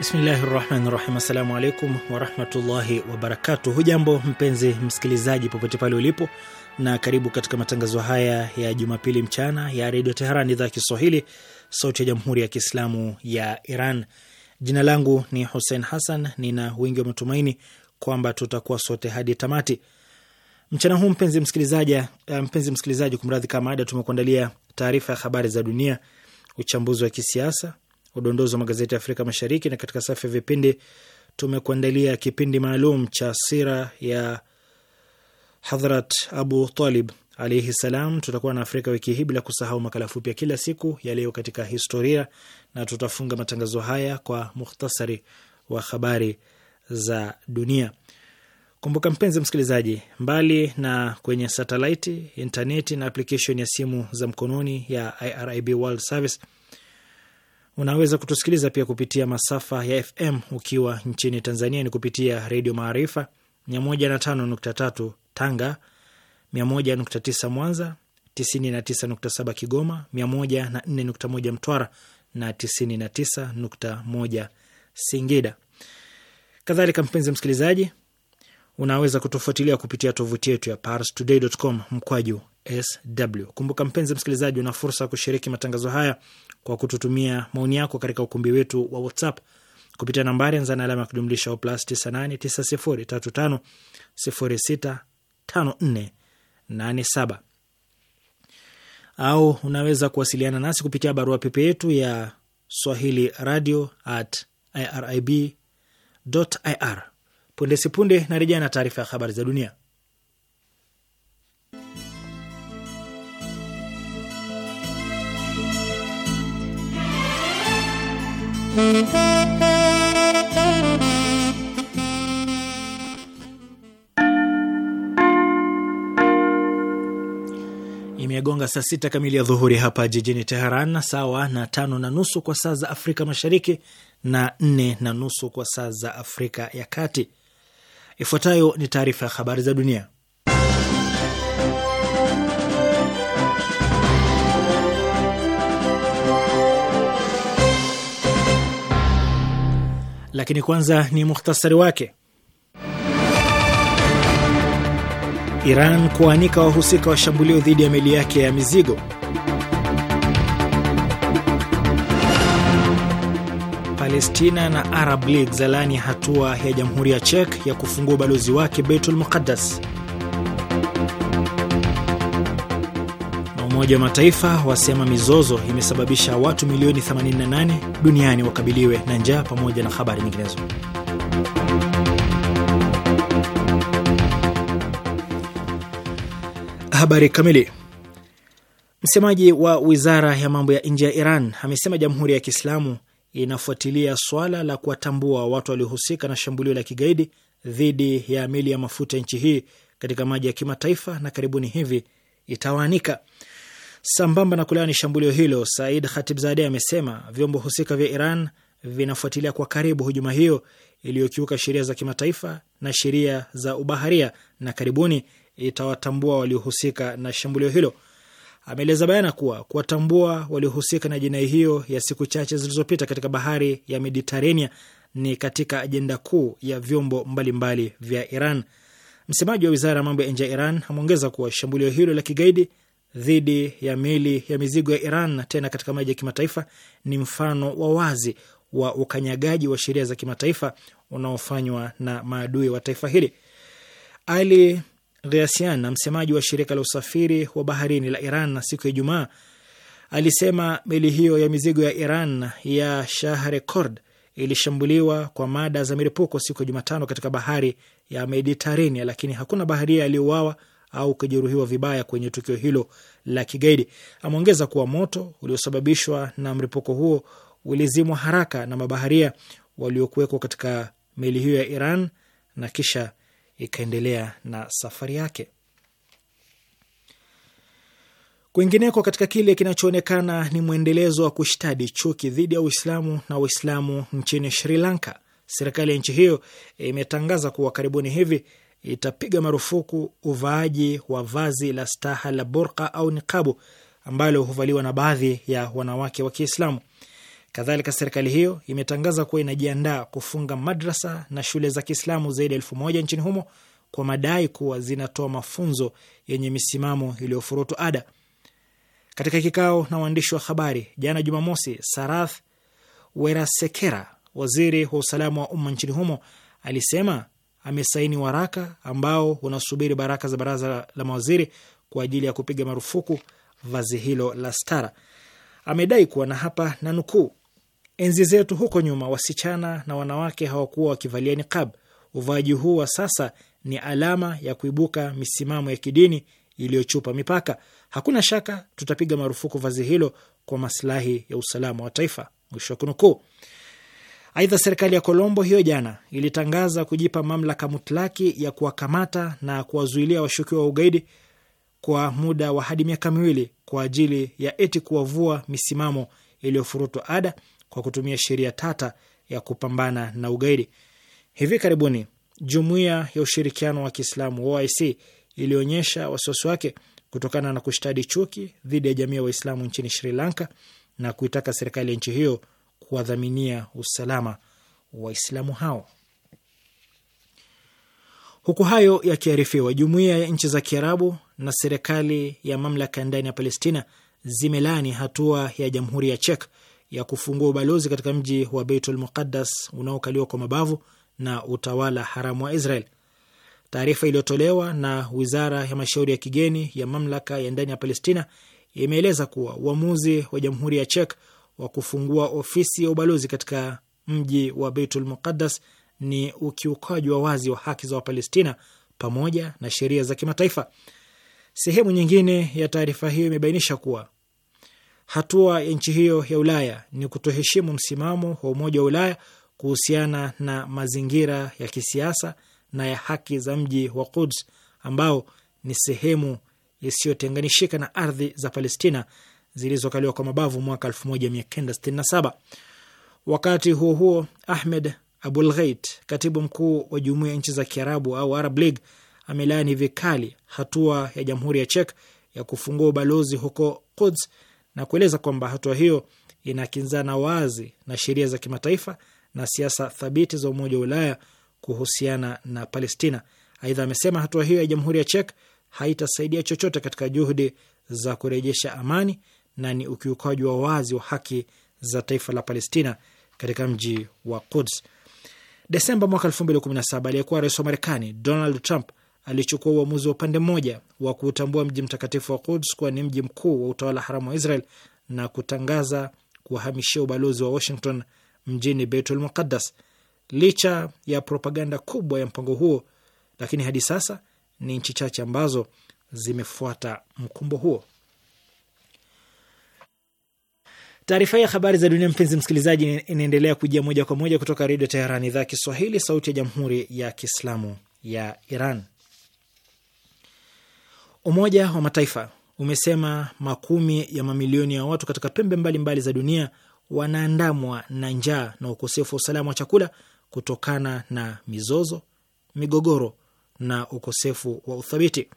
Bismillahi rahmani rahim. Assalamu alaikum warahmatullahi wabarakatu. Hujambo mpenzi msikilizaji, popote pale ulipo, na karibu katika matangazo haya ya Jumapili mchana ya redio Teheran, idhaa ya Kiswahili, sauti ya jamhuri ya kiislamu ya Iran. Jina langu ni Hussein Hassan, nina wingi wa matumaini kwamba tutakuwa sote hadi tamati mchana huu. Mpenzi msikilizaji, eh, mpenzi msikilizaji, kumradhi, kama ada, tumekuandalia taarifa ya habari za dunia, uchambuzi wa kisiasa udondozi wa magazeti ya Afrika Mashariki, na katika safu ya vipindi tumekuandalia kipindi maalum cha sira ya Hadhrat Abu Talib alaihi salam. Tutakuwa na Afrika wiki hii, bila kusahau makala fupi ya kila siku ya leo katika historia, na tutafunga matangazo haya kwa mukhtasari wa habari za dunia. Kumbuka mpenzi msikilizaji, mbali na kwenye satelaiti, intaneti na aplikeshon ya simu za mkononi ya IRIB World Service Unaweza kutusikiliza pia kupitia masafa ya FM ukiwa nchini Tanzania ni kupitia Redio Maarifa 105.3 Tanga, 101.9 Mwanza, 99.7 Kigoma, 104.1 Mtwara na 99.1 Singida. Kadhalika mpenzi msikilizaji, unaweza kutufuatilia kupitia tovuti yetu ya parstoday.com mkwaju sw. Kumbuka mpenzi msikilizaji, una fursa ya kushiriki matangazo haya kwa kututumia maoni yako katika ukumbi wetu wa WhatsApp kupitia nambari anza na alama ya kujumlisha plus 989035065487 au unaweza kuwasiliana nasi kupitia barua pepe yetu ya swahili radio at irib ir Punde sipunde na rejea na taarifa ya habari za dunia. Imegonga saa sita kamili ya dhuhuri hapa jijini Teheran, sawa na tano na nusu kwa saa za Afrika Mashariki na nne na nusu kwa saa za Afrika ya Kati. Ifuatayo ni taarifa ya habari za dunia, lakini kwanza ni muhtasari wake. Iran kuanika wahusika wa shambulio dhidi ya meli yake ya mizigo. Palestina na Arab League zalani hatua ya Jamhuri ya Czech ya kufungua ubalozi wake Beitul Muqaddas. Na Umoja wa Mataifa wasema mizozo imesababisha watu milioni 88 duniani wakabiliwe na njaa, pamoja na habari nyinginezo. Habari kamili. Msemaji wa wizara ya mambo ya nje ya Iran amesema Jamhuri ya Kiislamu inafuatilia swala la kuwatambua watu waliohusika na shambulio la kigaidi dhidi ya meli ya mafuta nchi hii katika maji ya kimataifa na karibuni hivi itawaanika. Sambamba na kulaani shambulio hilo, Said Khatibzadeh amesema vyombo husika vya Iran vinafuatilia kwa karibu hujuma hiyo iliyokiuka sheria za kimataifa na sheria za ubaharia na karibuni itawatambua waliohusika na shambulio hilo ameeleza bayana kuwa kuwatambua waliohusika na jinai hiyo ya siku chache zilizopita katika bahari ya Mediterania ni katika ajenda kuu ya vyombo mbalimbali mbali vya Iran. Msemaji wa wizara ya mambo ya nje ya Iran ameongeza kuwa shambulio hilo la kigaidi dhidi ya meli ya mizigo ya Iran tena katika maji ya kimataifa ni mfano wa wazi wa ukanyagaji wa sheria za kimataifa unaofanywa na maadui wa taifa hili. Ali Gheasian, msemaji wa shirika la usafiri wa baharini la Iran, na siku ya Ijumaa alisema meli hiyo ya mizigo ya Iran ya Shahrekord ilishambuliwa kwa mada za milipuko siku ya Jumatano katika bahari ya Mediterania, lakini hakuna baharia aliyouawa au kujeruhiwa vibaya kwenye tukio hilo la kigaidi. Ameongeza kuwa moto uliosababishwa na mlipuko huo ulizimwa haraka na mabaharia waliokuwekwa katika meli hiyo ya Iran na kisha ikaendelea na safari yake. Kwingineko, katika kile kinachoonekana ni mwendelezo wa kushtadi chuki dhidi ya Uislamu na Waislamu nchini Sri Lanka, serikali ya nchi hiyo imetangaza kuwa karibuni hivi itapiga marufuku uvaaji wa vazi la staha la burka au niqabu ambalo huvaliwa na baadhi ya wanawake wa Kiislamu. Kadhalika, serikali hiyo imetangaza kuwa inajiandaa kufunga madrasa na shule za Kiislamu zaidi ya elfu moja nchini humo kwa madai kuwa zinatoa mafunzo yenye misimamo iliyofurutu ada. Katika kikao na waandishi wa habari jana Jumamosi, Sarath Werasekera, waziri wa usalama wa umma nchini humo, alisema amesaini waraka ambao unasubiri baraka za baraza la mawaziri kwa ajili ya kupiga marufuku vazi hilo la stara. Amedai kuwa na hapa na nukuu, Enzi zetu huko nyuma, wasichana na wanawake hawakuwa wakivalia niqab. Uvaaji huu wa sasa ni alama ya kuibuka misimamo ya kidini iliyochupa mipaka. Hakuna shaka tutapiga marufuku vazi hilo kwa maslahi ya usalama wa taifa. Mwisho wa kunukuu. Aidha, serikali ya Kolombo hiyo jana ilitangaza kujipa mamlaka mutlaki ya kuwakamata na kuwazuilia washukiwa wa ugaidi kwa muda wa hadi miaka miwili kwa ajili ya eti kuwavua misimamo iliyofurutwa ada kwa kutumia sheria tata ya kupambana na ugaidi. Hivi karibuni Jumuiya ya Ushirikiano wa Kiislamu OIC ilionyesha wasiwasi wake kutokana na kushtadi chuki dhidi ya jamii ya Waislamu nchini Sri Lanka na kuitaka serikali ya nchi hiyo kuwadhaminia usalama Waislamu hao. Huku hayo yakiarifiwa, jumuiya ya nchi za Kiarabu na serikali ya mamlaka ndani ya Palestina zimelaani hatua ya jamhuri ya Czech ya kufungua ubalozi katika mji wa Beitul Muqaddas unaokaliwa kwa mabavu na utawala haramu wa Israel. Taarifa iliyotolewa na wizara ya mashauri ya kigeni ya mamlaka ya ndani ya Palestina imeeleza kuwa uamuzi wa jamhuri ya Czech wa kufungua ofisi ya ubalozi katika mji wa Beitul Muqaddas ni ukiukaji wa wazi wa haki za Wapalestina pamoja na sheria za kimataifa. Sehemu nyingine ya taarifa hiyo imebainisha kuwa Hatua ya nchi hiyo ya Ulaya ni kutoheshimu msimamo wa Umoja wa Ulaya kuhusiana na mazingira ya kisiasa na ya haki za mji wa Quds ambao ni sehemu isiyotenganishika na ardhi za Palestina zilizokaliwa kwa mabavu mwaka 1967. Wakati huo huo, Ahmed Abul Gheit, katibu mkuu wa Jumuiya ya Nchi za Kiarabu au Arab League, amelaani vikali hatua ya Jamhuri ya Czech ya kufungua ubalozi huko Quds na kueleza kwamba hatua hiyo inakinzana wazi na sheria za kimataifa na siasa thabiti za Umoja wa Ulaya kuhusiana na Palestina. Aidha, amesema hatua hiyo ya Jamhuri ya Czech haitasaidia chochote katika juhudi za kurejesha amani na ni ukiukaji wa wazi wa haki za taifa la Palestina katika mji wa Quds. Desemba mwaka 2017 aliyekuwa rais wa Marekani Donald Trump alichukua uamuzi wa upande mmoja wa kuutambua mji mtakatifu wa Quds kuwa ni mji mkuu wa utawala haramu wa Israel na kutangaza kuwahamishia ubalozi wa Washington mjini Beitul Muqaddas. Licha ya propaganda kubwa ya mpango huo, lakini hadi sasa ni nchi chache ambazo zimefuata mkumbo huo. Taarifa ya habari za dunia, mpenzi msikilizaji, inaendelea kujia moja kwa moja kutoka Redio Teheran, idhaa Kiswahili, sauti ya jamhuri ya kiislamu ya Iran. Umoja wa Mataifa umesema makumi ya mamilioni ya watu katika pembe mbalimbali mbali za dunia wanaandamwa na njaa na ukosefu wa usalama wa chakula kutokana na mizozo, migogoro na ukosefu wa uthabiti.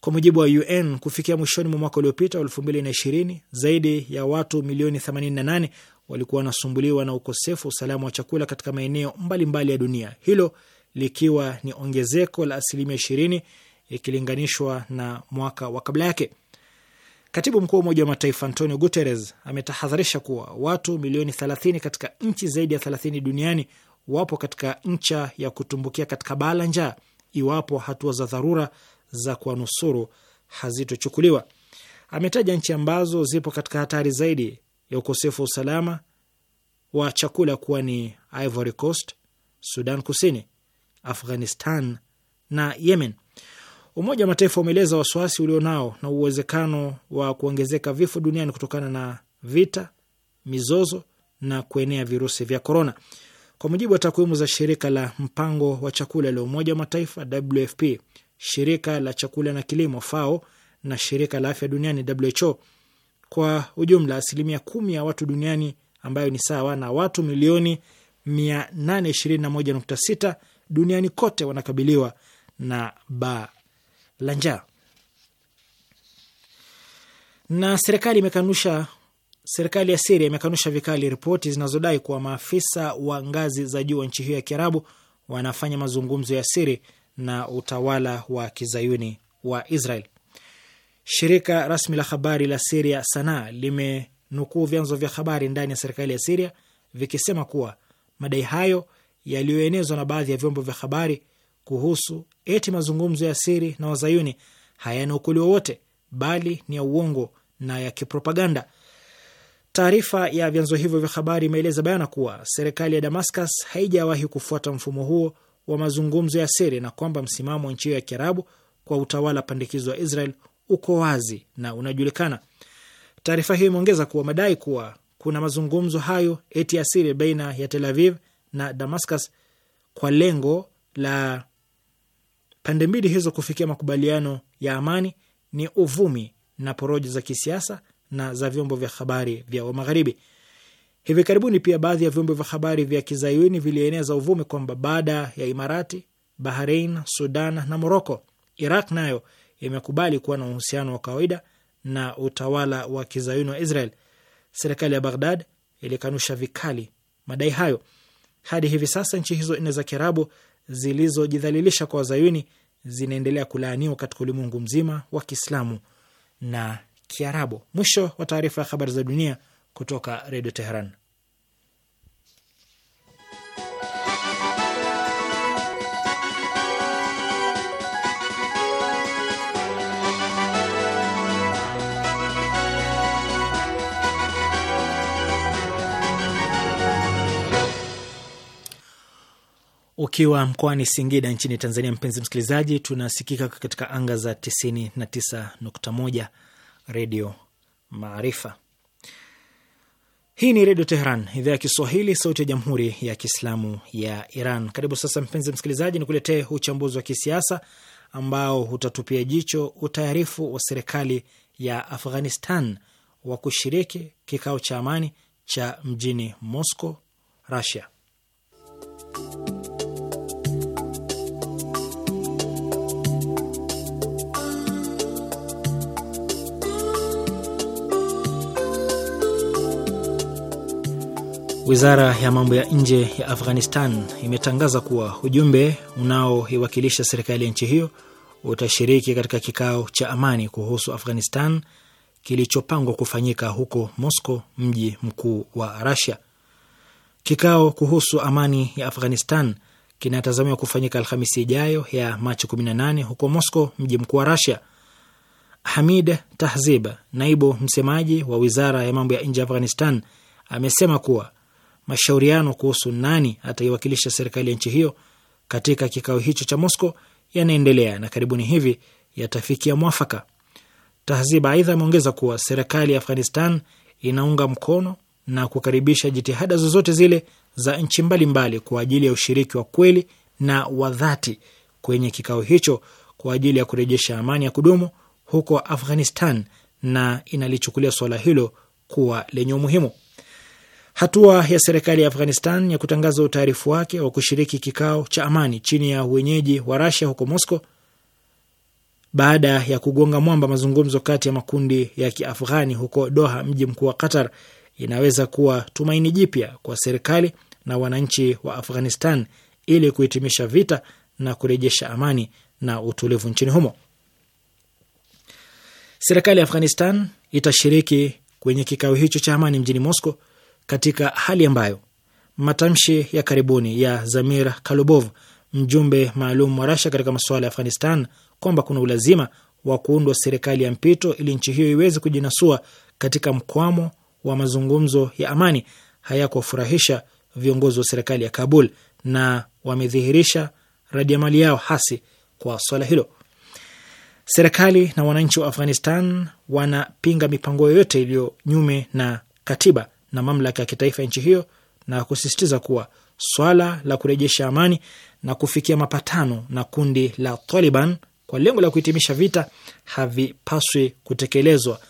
Kwa mujibu wa UN, kufikia mwishoni mwa mwaka uliopita wa 2020 zaidi ya watu milioni 88 walikuwa wanasumbuliwa na ukosefu wa usalama wa chakula katika maeneo mbalimbali ya dunia, hilo likiwa ni ongezeko la asilimia ishirini ikilinganishwa na mwaka wa kabla yake. Katibu mkuu wa Umoja wa Mataifa Antonio Guterres ametahadharisha kuwa watu milioni 30 katika nchi zaidi ya 30 duniani wapo katika ncha ya kutumbukia katika baa la njaa iwapo hatua za dharura za kuwanusuru hazitochukuliwa. Ametaja nchi ambazo zipo katika hatari zaidi ya ukosefu wa usalama wa chakula kuwa ni Ivory Coast, Sudan Kusini, Afghanistan na Yemen. Umoja wa Mataifa umeeleza wasiwasi ulionao na uwezekano wa kuongezeka vifo duniani kutokana na vita, mizozo na kuenea virusi vya korona. Kwa mujibu wa takwimu za shirika la mpango wa chakula la Umoja wa Mataifa WFP, shirika la chakula na kilimo FAO na shirika la afya duniani WHO, kwa ujumla asilimia kumi ya watu duniani ambayo ni sawa na watu milioni 821.6 duniani kote wanakabiliwa na baa la njaa. Na serikali imekanusha serikali ya Siria imekanusha vikali ripoti zinazodai kuwa maafisa wa ngazi za juu wa nchi hiyo ya Kiarabu wanafanya mazungumzo ya siri na utawala wa kizayuni wa Israel. Shirika rasmi la habari la Siria sana limenukuu vyanzo vya habari ndani ya serikali ya Siria vikisema kuwa madai hayo yaliyoenezwa na baadhi ya vyombo vya habari kuhusu eti mazungumzo ya siri na wazayuni hayana ukweli wowote, bali ni ya uongo na ya kipropaganda. Taarifa ya vyanzo hivyo vya habari imeeleza bayana kuwa serikali ya Damascus haijawahi kufuata mfumo huo wa mazungumzo ya siri na kwamba msimamo wa nchi hiyo ya kiarabu kwa utawala pandikizo wa Israel uko wazi na unajulikana. Taarifa hiyo imeongeza kuwa madai kuwa kuna mazungumzo hayo eti ya siri baina ya Tel Aviv na Damascus kwa lengo la pande mbili hizo kufikia makubaliano ya amani ni uvumi na poroji za kisiasa na za vyombo vya habari vya Magharibi. Hivi karibuni pia baadhi ya vyombo vya habari vya kizayuni vilieneza uvumi kwamba baada ya Imarati, Bahrain, Sudan na Moroko, Iraq nayo imekubali kuwa na uhusiano wa kawaida na utawala wa kizayuni wa Israel. Serikali ya Baghdad ilikanusha vikali madai hayo. Hadi hivi sasa nchi hizo nne za Kiarabu zilizojidhalilisha kwa wazayuni zinaendelea kulaaniwa katika ulimwengu mzima wa Kiislamu na Kiarabu. Mwisho wa taarifa ya habari za dunia kutoka Redio Teheran. ukiwa mkoani Singida nchini Tanzania. Mpenzi msikilizaji, tunasikika katika anga za 99.1 Redio Maarifa. Hii ni Redio Teheran, idhaa ya Kiswahili, sauti ya Jamhuri ya Kiislamu ya Iran. Karibu sasa, mpenzi msikilizaji, ni kuletee uchambuzi wa kisiasa ambao utatupia jicho utayarifu wa serikali ya Afghanistan wa kushiriki kikao cha amani cha mjini Moscow, Russia. Wizara ya mambo ya nje ya Afghanistan imetangaza kuwa ujumbe unaoiwakilisha serikali ya nchi hiyo utashiriki katika kikao cha amani kuhusu Afghanistan kilichopangwa kufanyika huko Moscow, mji mkuu wa Rasia. Kikao kuhusu amani ya Afghanistan kinatazamiwa kufanyika Alhamisi ijayo ya Machi 18 huko Moscow, mji mkuu wa Rasia. Hamid Tahzib, naibu msemaji wa wizara ya mambo ya nje ya Afghanistan, amesema kuwa mashauriano kuhusu nani ataiwakilisha serikali ya nchi hiyo katika kikao hicho cha Mosco yanaendelea na karibuni hivi yatafikia mwafaka. Tahziba aidha ameongeza kuwa serikali ya Afghanistan inaunga mkono na kukaribisha jitihada zozote zile za nchi mbalimbali kwa ajili ya ushiriki wa kweli na wa dhati kwenye kikao hicho kwa ajili ya kurejesha amani ya kudumu huko Afghanistan na inalichukulia suala hilo kuwa lenye umuhimu. Hatua ya serikali ya Afghanistan ya kutangaza utaarifu wake wa kushiriki kikao cha amani chini ya wenyeji wa Rasia huko Moscow baada ya kugonga mwamba mazungumzo kati ya makundi ya kiafghani huko Doha, mji mkuu wa Qatar, inaweza kuwa tumaini jipya kwa serikali na wananchi wa Afghanistan ili kuhitimisha vita na kurejesha amani na utulivu nchini humo. Serikali ya Afghanistan itashiriki kwenye kikao hicho cha amani mjini Moscow katika hali ambayo matamshi ya karibuni ya Zamir kalubov mjumbe maalum wa Rasha katika masuala ya Afghanistan, kwamba kuna ulazima wa kuundwa serikali ya mpito ili nchi hiyo iweze kujinasua katika mkwamo wa mazungumzo ya amani hayakuwafurahisha viongozi wa serikali ya Kabul na wamedhihirisha radiamali yao hasi kwa swala hilo. Serikali na wananchi wa Afghanistan wanapinga mipango yoyote iliyo nyume na katiba na mamlaka ya kitaifa ya nchi hiyo na kusisitiza kuwa swala la kurejesha amani na kufikia mapatano na kundi la Taliban kwa lengo la kuhitimisha vita havipaswi kutekelezwa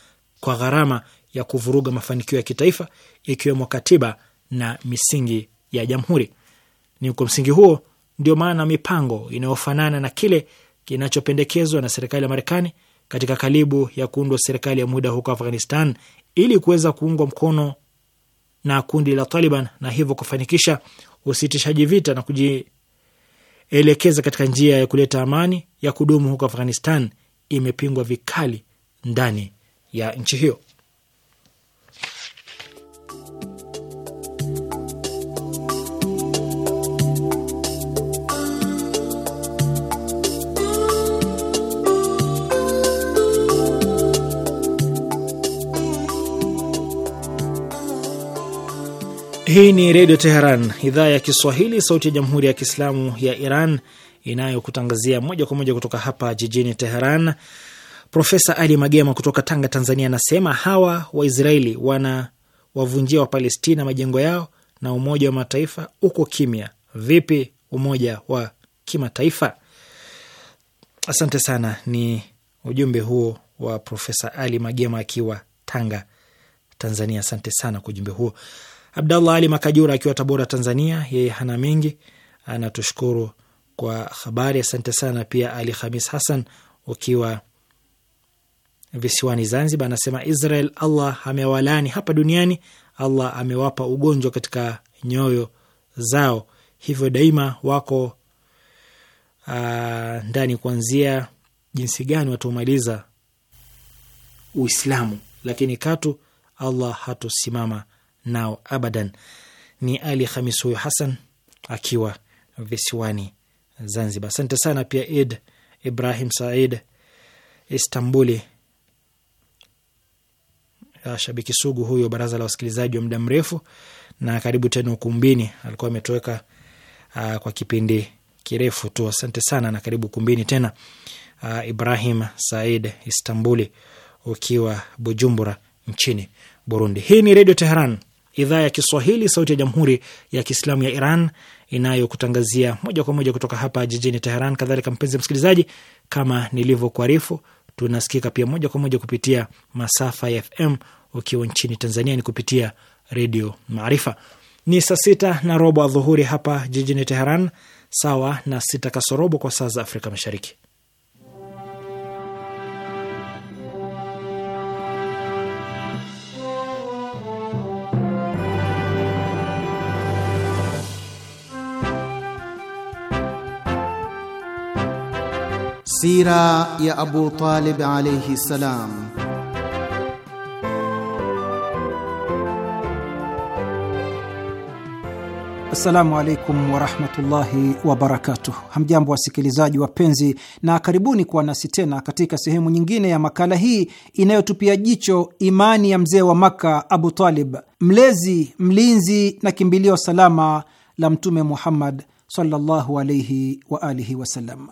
kwa gharama ya kuvuruga mafanikio ya kitaifa ikiwemo katiba na misingi ya jamhuri. Ni kwa msingi huo ndio maana mipango inayofanana na kile kinachopendekezwa na serikali ya Marekani katika kalibu ya kuundwa serikali ya muda huko Afghanistan ili kuweza kuungwa mkono na kundi la Taliban na hivyo kufanikisha usitishaji vita na kujielekeza katika njia ya kuleta amani ya kudumu huko Afghanistan, imepingwa vikali ndani ya nchi hiyo. Hii ni Redio Teheran, idhaa ya Kiswahili, sauti ya Jamhuri ya Kiislamu ya Iran, inayokutangazia moja kwa moja kutoka hapa jijini Teheran. Profesa Ali Magema kutoka Tanga, Tanzania, anasema hawa Waisraeli wana wavunjia Wapalestina majengo yao na Umoja wa Mataifa uko kimya. Vipi umoja wa kimataifa? Asante sana, ni ujumbe huo wa Profesa Ali Magema akiwa Tanga, Tanzania. Asante sana kwa ujumbe huo. Abdallah Ali Makajura akiwa Tabora, Tanzania, yeye hana mengi, anatushukuru kwa habari, asante sana. Pia Ali Khamis Hassan ukiwa visiwani Zanzibar anasema Israel, Allah amewalani hapa duniani, Allah amewapa ugonjwa katika nyoyo zao, hivyo daima wako aa, ah, ndani kuanzia jinsi gani watumaliza Uislamu, lakini katu Allah hatusimama nao abadan. Ni Ali Khamis huyo Hasan akiwa visiwani Zanzibar. Asante sana pia Id Ibrahim Said Istambuli, ah, shabiki sugu huyo, baraza la wasikilizaji wa muda mrefu, na karibu tena ukumbini. Alikuwa ametoweka uh, kwa kipindi kirefu tu. Asante sana na karibu ukumbini tena uh, Ibrahim Said Istambuli ukiwa Bujumbura nchini Burundi. Hii ni Redio Teheran idhaa ya Kiswahili, sauti ya jamhuri ya kiislamu ya Iran inayokutangazia moja kwa moja kutoka hapa jijini Teheran. Kadhalika mpenzi msikilizaji, kama nilivyokuarifu, tunasikika pia moja kwa moja kupitia masafa ya FM. Ukiwa nchini Tanzania ni kupitia Redio Maarifa. Ni saa sita na robo adhuhuri hapa jijini Teheran, sawa na sita kasorobo kwa saa za Afrika Mashariki. Sira ya Abu Talib alayhi salam. Assalamu alaikum warahmatullahi wabarakatuh. Hamjambo wasikilizaji wapenzi, na karibuni kuwa nasi tena katika sehemu nyingine ya makala hii inayotupia jicho imani ya mzee wa Makka, Abu Talib, mlezi, mlinzi na kimbilio salama la Mtume Muhammad sallallahu alaihi wa alihi wasallam.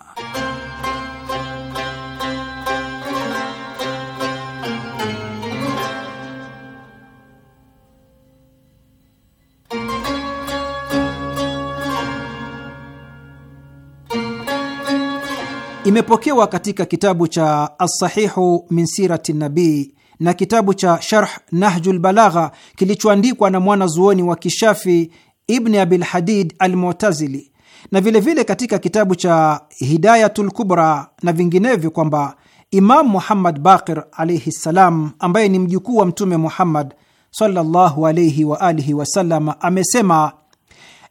Imepokewa katika kitabu cha Alsahihu min sirati nabii na kitabu cha Sharh Nahju lbalagha kilichoandikwa na mwanazuoni wa Kishafi Ibni Abilhadid Almutazili na vilevile vile katika kitabu cha hidayatu lkubra na vinginevyo kwamba Imam Muhammad Baqir alaihi ssalam, ambaye ni mjukuu wa Mtume Muhammad sallallahu alaihi wa alihi wasallam, amesema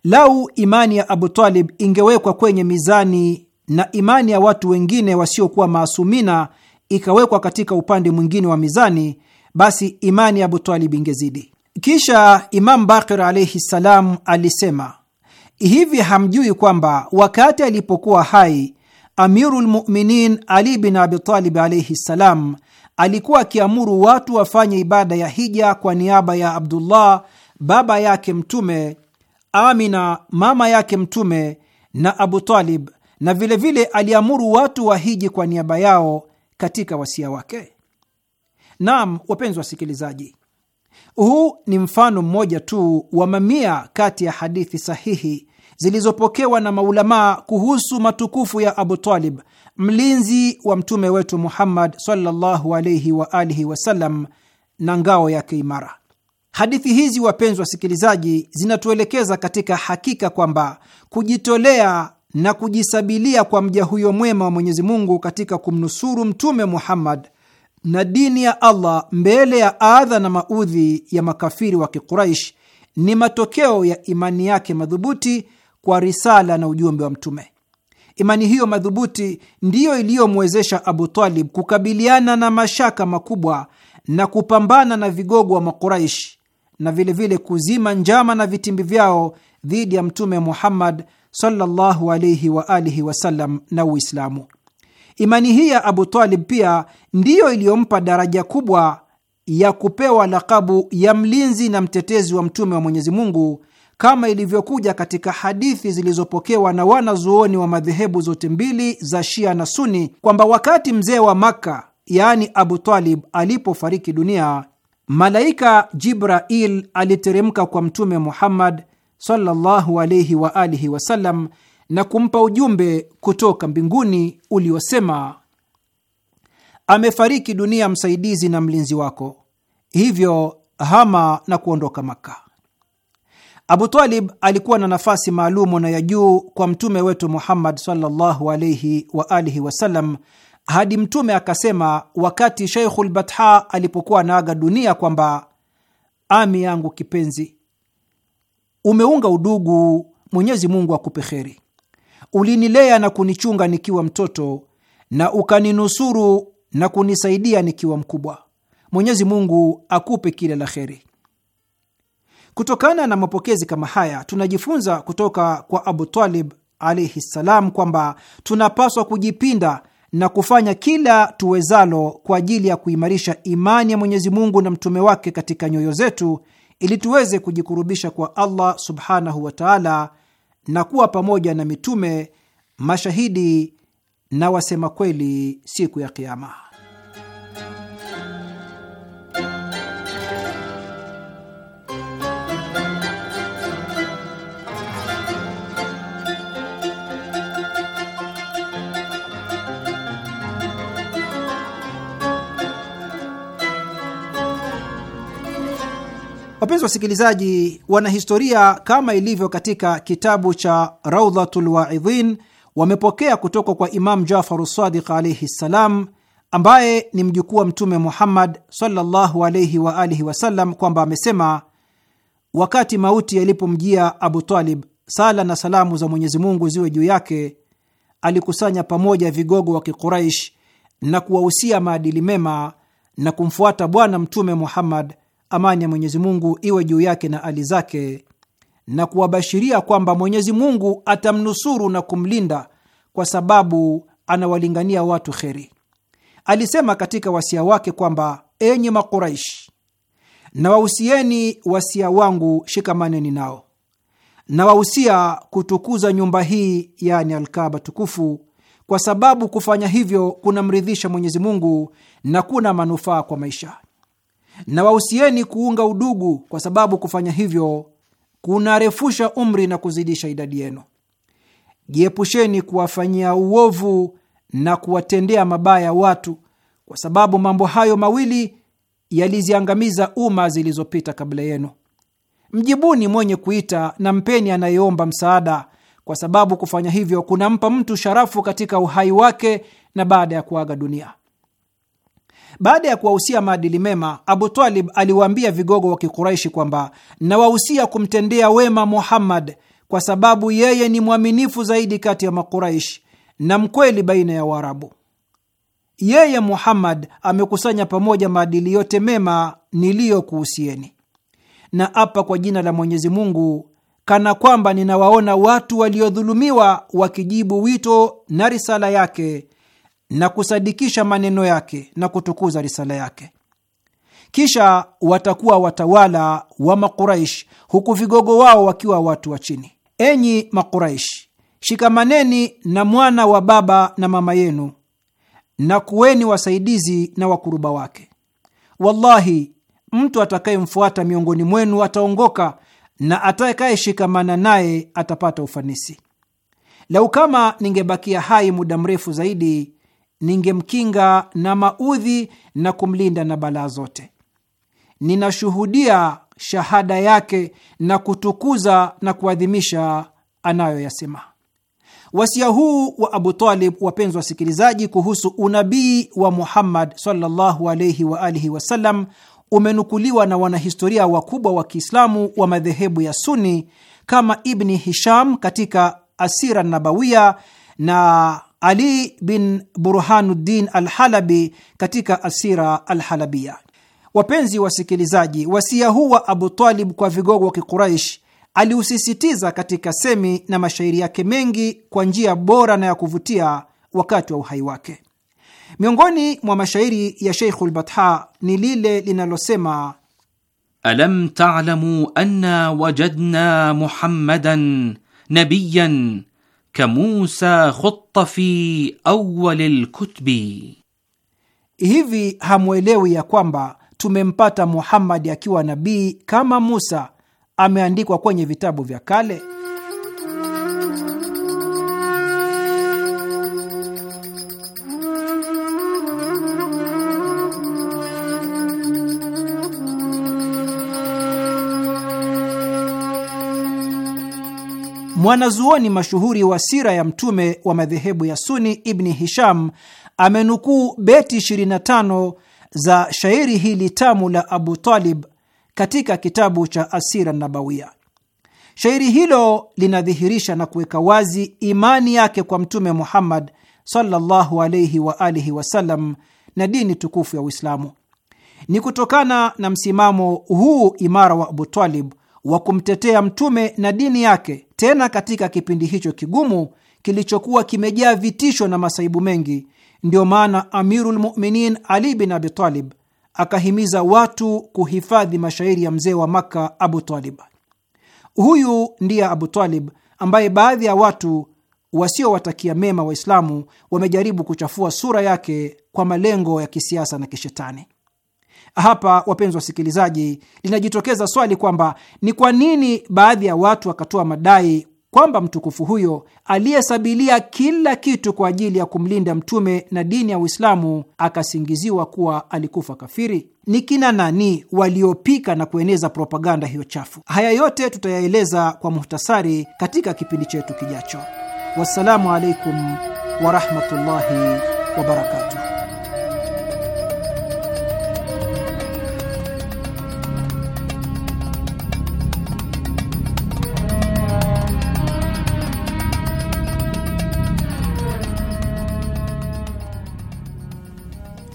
lau imani ya Abu Talib ingewekwa kwenye mizani na imani ya watu wengine wasiokuwa maasumina ikawekwa katika upande mwingine wa mizani, basi imani ya Abutalibi ingezidi. Kisha Imamu Bakir alaihi ssalam alisema hivi, hamjui kwamba wakati alipokuwa hai Amiru lmuminin Ali bin Abitalib alaihi ssalam alikuwa akiamuru watu wafanye ibada ya hija kwa niaba ya Abdullah baba yake Mtume, Amina mama yake Mtume na Abutalib na vilevile vile aliamuru watu wahiji kwa niaba yao katika wasia wake. Naam, wapenzi wasikilizaji, huu ni mfano mmoja tu wa mamia kati ya hadithi sahihi zilizopokewa na maulamaa kuhusu matukufu ya Abu Talib, mlinzi wa mtume wetu Muhammad sallallahu alaihi wa alihi wasallam na ngao yake imara. Hadithi hizi, wapenzi wasikilizaji, zinatuelekeza katika hakika kwamba kujitolea na kujisabilia kwa mja huyo mwema wa Mwenyezi Mungu katika kumnusuru Mtume Muhammad na dini ya Allah mbele ya adha na maudhi ya makafiri wa Kiquraish ni matokeo ya imani yake madhubuti kwa risala na ujumbe wa Mtume. Imani hiyo madhubuti ndiyo iliyomwezesha Abu Talib kukabiliana na mashaka makubwa na kupambana na vigogo wa Makuraish na vilevile vile kuzima njama na vitimbi vyao dhidi ya Mtume Muhammad sallallahu alayhi wa alihi wasallam na Uislamu. Imani hii ya Abu Talib pia ndiyo iliyompa daraja kubwa ya kupewa lakabu ya mlinzi na mtetezi wa mtume wa Mwenyezi Mungu kama ilivyokuja katika hadithi zilizopokewa na wanazuoni wa madhehebu zote mbili za Shia na Suni kwamba wakati mzee wa Makka yaani Abu Talib alipofariki dunia, malaika Jibrail aliteremka kwa Mtume Muhammad sallallahu alayhi wa alihi wasallam na kumpa ujumbe kutoka mbinguni uliosema, amefariki dunia msaidizi na mlinzi wako, hivyo hama na kuondoka Maka. Abu Talib alikuwa na nafasi maalumu na ya juu kwa mtume wetu Muhammad sallallahu alayhi wa alihi wasallam hadi mtume akasema wakati Sheikhul Batha alipokuwa anaaga dunia kwamba ami yangu kipenzi Umeunga udugu, Mwenyezi Mungu akupe kheri. Ulinilea na kunichunga nikiwa mtoto na ukaninusuru na kunisaidia nikiwa mkubwa. Mwenyezi Mungu akupe kila la kheri. Kutokana na mapokezi kama haya tunajifunza kutoka kwa Abu Talib alaihi ssalam kwamba tunapaswa kujipinda na kufanya kila tuwezalo kwa ajili ya kuimarisha imani ya Mwenyezi Mungu na mtume wake katika nyoyo zetu ili tuweze kujikurubisha kwa Allah subhanahu wa taala na kuwa pamoja na mitume, mashahidi na wasema kweli siku ya Kiama. Wapenzi wasikilizaji, wanahistoria kama ilivyo katika kitabu cha Raudhatul Waidhin wamepokea kutoka kwa Imamu Jafaru Sadiq alaihi ssalam, ambaye ni mjukuu wa Mtume Muhammad sallallahu alaihi wa alihi wasallam kwamba amesema, wakati mauti yalipomjia Abu Talib, sala na salamu za Mwenyezi Mungu ziwe juu yake, alikusanya pamoja vigogo wa Kiquraish na kuwahusia maadili mema na kumfuata Bwana Mtume Muhammad amani ya Mwenyezi Mungu iwe juu yake na ali zake, na kuwabashiria kwamba Mwenyezi Mungu atamnusuru na kumlinda kwa sababu anawalingania watu kheri. Alisema katika wasia wake kwamba, enyi Makuraishi, na wasia wangu, shikamaneni nao na kutukuza nyumba hii, yani Alkaba tukufu, kwa sababu kufanya hivyo kunamridhisha Mwenyezi Mungu na kuna manufaa kwa maisha na wahusieni kuunga udugu, kwa sababu kufanya hivyo kunarefusha umri na kuzidisha idadi yenu. Jiepusheni kuwafanyia uovu na kuwatendea mabaya watu, kwa sababu mambo hayo mawili yaliziangamiza umma zilizopita kabla yenu. Mjibuni mwenye kuita na mpeni anayeomba msaada, kwa sababu kufanya hivyo kunampa mtu sharafu katika uhai wake na baada ya kuaga dunia. Baada ya kuwahusia maadili mema, Abu Talib aliwaambia vigogo wa Kikuraishi kwamba nawahusia kumtendea wema Muhammad kwa sababu yeye ni mwaminifu zaidi kati ya Makuraishi na mkweli baina ya Waarabu. Yeye Muhammad amekusanya pamoja maadili yote mema niliyokuhusieni, na apa kwa jina la Mwenyezi Mungu, kana kwamba ninawaona watu waliodhulumiwa wakijibu wito na risala yake na kusadikisha maneno yake na kutukuza risala yake. Kisha watakuwa watawala wa Makuraish, huku vigogo wao wakiwa watu wa chini. Enyi Makuraish, shikamaneni na mwana wa baba na mama yenu na kuweni wasaidizi na wakuruba wake. Wallahi, mtu atakayemfuata miongoni mwenu ataongoka na atakayeshikamana naye atapata ufanisi. Lau kama ningebakia hai muda mrefu zaidi, ningemkinga na maudhi na kumlinda na balaa zote. Ninashuhudia shahada yake na kutukuza na kuadhimisha anayoyasema. Wasia huu wa Abu Talib, wapenzi wasikilizaji, kuhusu unabii wa Muhammad sallallahu wa alihi wasallam umenukuliwa na wanahistoria wakubwa wa Kiislamu wa madhehebu ya suni kama Ibni Hisham katika Asira Nabawiya na ali bin Burhanuddin Alhalabi katika Asira Alhalabia. Wapenzi wasikilizaji, wasia huu wa Abu Talib kwa vigogo wa Kiquraish aliusisitiza katika semi na mashairi yake mengi kwa njia bora na ya kuvutia wakati wa uhai wake. Miongoni mwa mashairi ya sheikhu lbatha ni lile linalosema alam ta'lamu anna wajadna muhammadan nabiyan كموسى خط في أول الكتب Hivi hamwelewi ya kwamba tumempata Muhammadi akiwa nabii kama Musa ameandikwa kwenye vitabu vya kale? Mwanazuoni mashuhuri wa sira ya mtume wa madhehebu ya Suni Ibni Hisham amenukuu beti 25 za shairi hili tamu la Abu Talib katika kitabu cha Asira Nabawiya. Shairi hilo linadhihirisha na kuweka wazi imani yake kwa Mtume Muhammad sallallahu alayhi wa alihi wasallam na dini tukufu ya Uislamu. Ni kutokana na msimamo huu imara wa Abu Talib wa kumtetea mtume na dini yake tena katika kipindi hicho kigumu kilichokuwa kimejaa vitisho na masaibu mengi. Ndiyo maana Amirul Muminin Ali bin Abi Talib akahimiza watu kuhifadhi mashairi ya mzee wa Makka Abu Talib. Huyu ndiye Abu Talib ambaye baadhi ya watu wasiowatakia mema Waislamu wamejaribu kuchafua sura yake kwa malengo ya kisiasa na kishetani. Hapa wapenzi wasikilizaji, linajitokeza swali kwamba ni kwa nini baadhi ya watu wakatoa madai kwamba mtukufu huyo aliyesabilia kila kitu kwa ajili ya kumlinda mtume na dini ya Uislamu akasingiziwa kuwa alikufa kafiri? Ni kina nani waliopika na kueneza propaganda hiyo chafu? Haya yote tutayaeleza kwa muhtasari katika kipindi chetu kijacho. Wassalamu alaikum warahmatullahi wabarakatuh.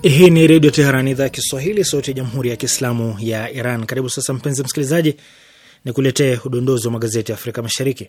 Hii ni Redio Teheran, idhaa ya Kiswahili, sauti ya Jamhuri ya Kiislamu ya Iran. Karibu sasa, mpenzi msikilizaji, ni kuletee udondozi wa magazeti ya Afrika Mashariki.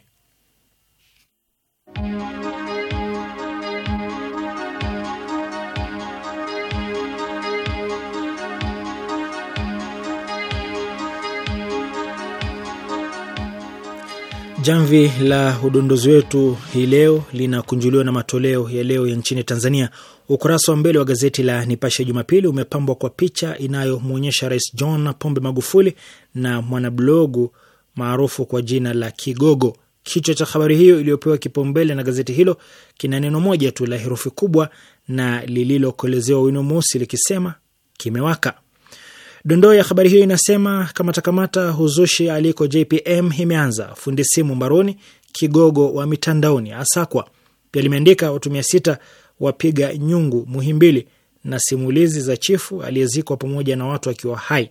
Jamvi la udondozi wetu hii leo linakunjuliwa na matoleo ya leo ya nchini Tanzania Ukurasa wa mbele wa gazeti la Nipashe Jumapili umepambwa kwa picha inayomwonyesha Rais John Pombe Magufuli na mwanablogu maarufu kwa jina la Kigogo. Kichwa cha habari hiyo iliyopewa kipaumbele na gazeti hilo kina neno moja tu la herufi kubwa na lililokolezewa wino mweusi likisema kimewaka. Dondoo ya habari hiyo inasema kamatakamata huzushi aliko JPM imeanza, fundi simu mbaroni, kigogo wa mitandaoni asakwa. Pia limeandika watu mia sita wapiga nyungu Muhimbili na simulizi za chifu aliyezikwa pamoja na watu akiwa hai.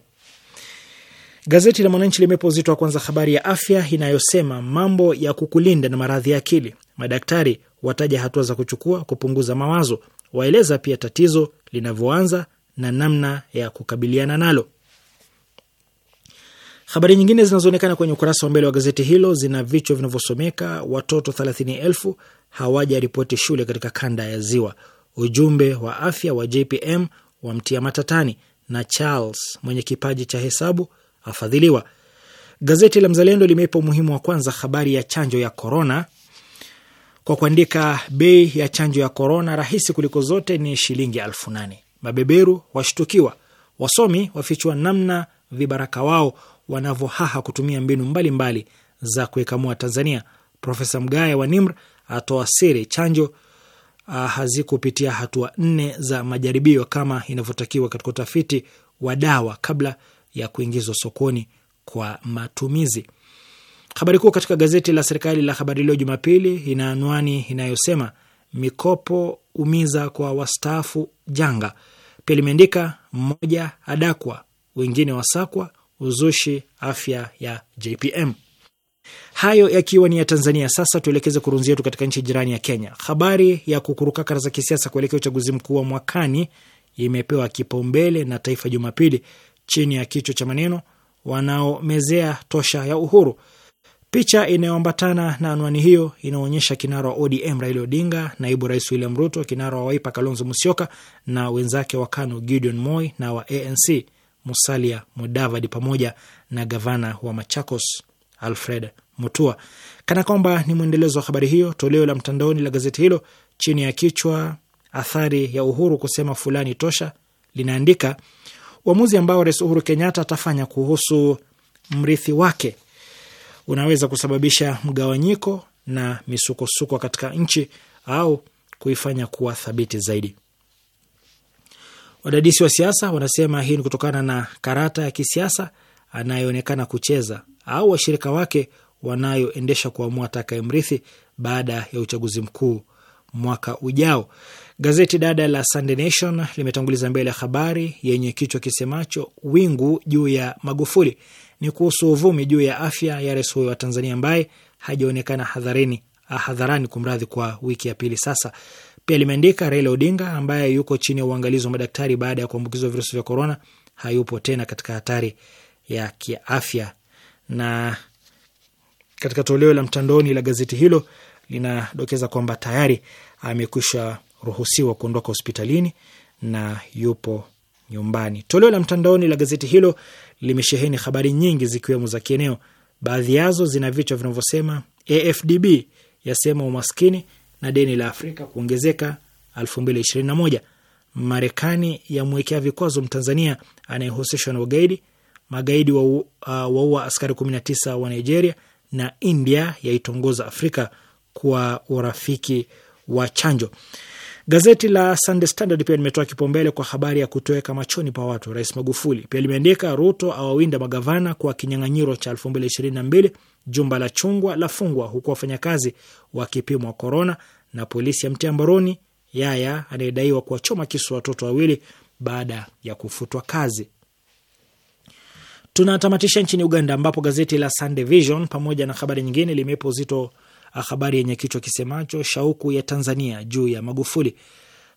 Gazeti la Mwananchi limepa uzito wa kwanza habari ya afya inayosema mambo ya kukulinda na maradhi ya akili, madaktari wataja hatua za kuchukua kupunguza mawazo, waeleza pia tatizo linavyoanza na namna ya kukabiliana nalo. Habari nyingine zinazoonekana kwenye ukurasa wa mbele wa gazeti hilo zina vichwa vinavyosomeka watoto elfu hawajaripoti shule katika kanda ya Ziwa. Ujumbe wa afya wa JPM wamtia matatani, na Charles mwenye kipaji cha hesabu afadhiliwa. Gazeti la Mzalendo limeipa umuhimu wa kwanza habari ya chanjo ya korona kwa kuandika, bei ya chanjo ya korona rahisi kuliko zote ni shilingi elfu nane. Mabeberu washtukiwa, wasomi wafichua namna vibaraka wao wanavyohaha kutumia mbinu mbalimbali mbali za kuikamua Tanzania. Profesa Mgaya wa NIMR atoa siri chanjo ah, hazikupitia hatua nne za majaribio kama inavyotakiwa katika utafiti wa dawa kabla ya kuingizwa sokoni kwa matumizi. Habari kuu katika gazeti la serikali la Habari Leo Jumapili ina anwani inayosema mikopo umiza kwa wastaafu janga. Pia limeandika mmoja adakwa, wengine wasakwa, uzushi afya ya JPM. Hayo yakiwa ni ya Tanzania. Sasa tuelekeze kurunzi yetu katika nchi jirani ya Kenya. Habari ya kukurukakara za kisiasa kuelekea uchaguzi mkuu wa mwakani imepewa kipaumbele na Taifa Jumapili chini ya kichwa cha maneno wanaomezea tosha ya Uhuru. Picha inayoambatana na anwani hiyo inaonyesha kinara wa ODM Raila Odinga, naibu rais William Ruto, kinara wa Waipa Kalonzo Musyoka na wenzake wa KANU Gideon Moi na wa ANC Musalia Mudavadi, pamoja na gavana wa Machakos Alfred Mutua. Kana kwamba ni mwendelezo wa habari hiyo, toleo la mtandaoni la gazeti hilo chini ya kichwa athari ya Uhuru kusema fulani tosha, linaandika uamuzi ambao Rais Uhuru Kenyatta atafanya kuhusu mrithi wake unaweza kusababisha mgawanyiko na misukosuko katika nchi au kuifanya kuwa thabiti zaidi. Wadadisi wa siasa wanasema hii ni kutokana na karata ya kisiasa anayoonekana kucheza au washirika wake wanayoendesha kuamua atakayemrithi baada ya uchaguzi mkuu mwaka ujao. Gazeti dada la Sunday Nation limetanguliza mbele ya habari yenye kichwa kisemacho wingu juu ya Magufuli. Ni kuhusu uvumi juu ya afya ya rais huyo wa Tanzania ambaye hajaonekana hadharani, ah, hadharani kumradhi, kwa wiki ya pili sasa. Pia limeandika Raila Odinga ambaye yuko chini ya uangalizi wa madaktari baada ya kuambukizwa virusi vya korona hayupo tena katika hatari ya kiafya na katika toleo la mtandaoni la gazeti hilo linadokeza kwamba tayari amekwisha ruhusiwa kuondoka hospitalini na yupo nyumbani. Toleo la mtandaoni la gazeti hilo limesheheni habari nyingi zikiwemo za kieneo. Baadhi yazo zina vichwa vinavyosema AFDB yasema umaskini na deni la Afrika kuongezeka 2021, Marekani yamwekea vikwazo Mtanzania anayehusishwa na ugaidi, magaidi uh, waua uh, wa askari 19 wa Nigeria na India yaitongoza Afrika kwa urafiki wa chanjo. Gazeti la Sunday Standard pia limetoa kipaumbele kwa habari ya kutoweka machoni pa watu Rais Magufuli. Pia limeandika Ruto awawinda magavana kwa kinyang'anyiro cha 2022, jumba la chungwa la fungwa huku wafanyakazi wakipimwa korona, na polisi ya mtia mbaroni yaya anayedaiwa kuwachoma kisu watoto wawili baada ya kufutwa kazi. Tunatamatisha nchini Uganda, ambapo gazeti la Sunday Vision pamoja na habari nyingine limepo uzito ah, habari yenye kichwa kisemacho shauku ya Tanzania juu ya Magufuli.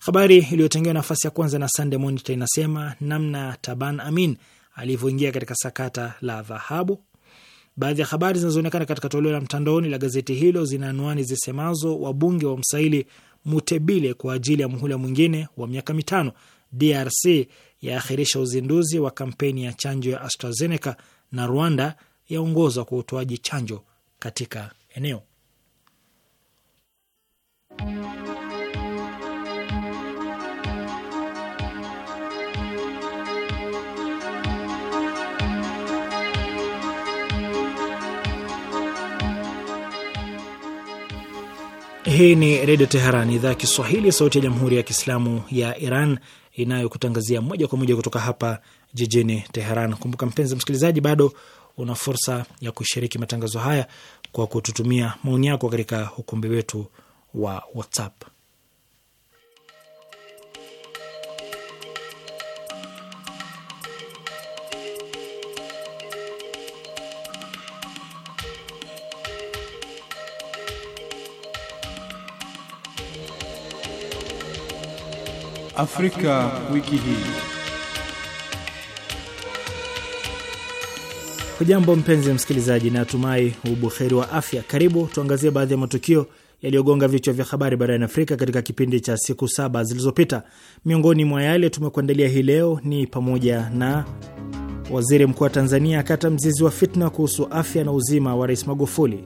Habari iliyotengewa nafasi ya kwanza na Sunday Monitor inasema namna Taban Amin alivyoingia katika sakata la dhahabu. Baadhi ya habari zinazoonekana katika toleo la mtandaoni la gazeti hilo zina anwani zisemazo wabunge wa msaili Mutebile kwa ajili ya muhula mwingine wa miaka mitano, DRC yaakhirisha uzinduzi wa kampeni ya chanjo ya AstraZeneca na Rwanda yaongozwa kwa utoaji chanjo katika eneo. Hii ni Redio Teheran, idhaa ya Kiswahili, sauti ya Jamhuri ya Kiislamu ya Iran inayokutangazia moja kwa moja kutoka hapa jijini Teheran. Kumbuka mpenzi msikilizaji, bado una fursa ya kushiriki matangazo haya kwa kututumia maoni yako katika ukumbi wetu wa WhatsApp. Afrika wiki hii. Hujambo mpenzi msikilizaji, na atumai ubuheri wa afya. Karibu tuangazie baadhi ya matukio yaliyogonga vichwa vya habari barani Afrika katika kipindi cha siku saba zilizopita. Miongoni mwa yale tumekuandalia hii leo ni pamoja na waziri mkuu wa Tanzania akata mzizi wa fitna kuhusu afya na uzima wa Rais Magufuli,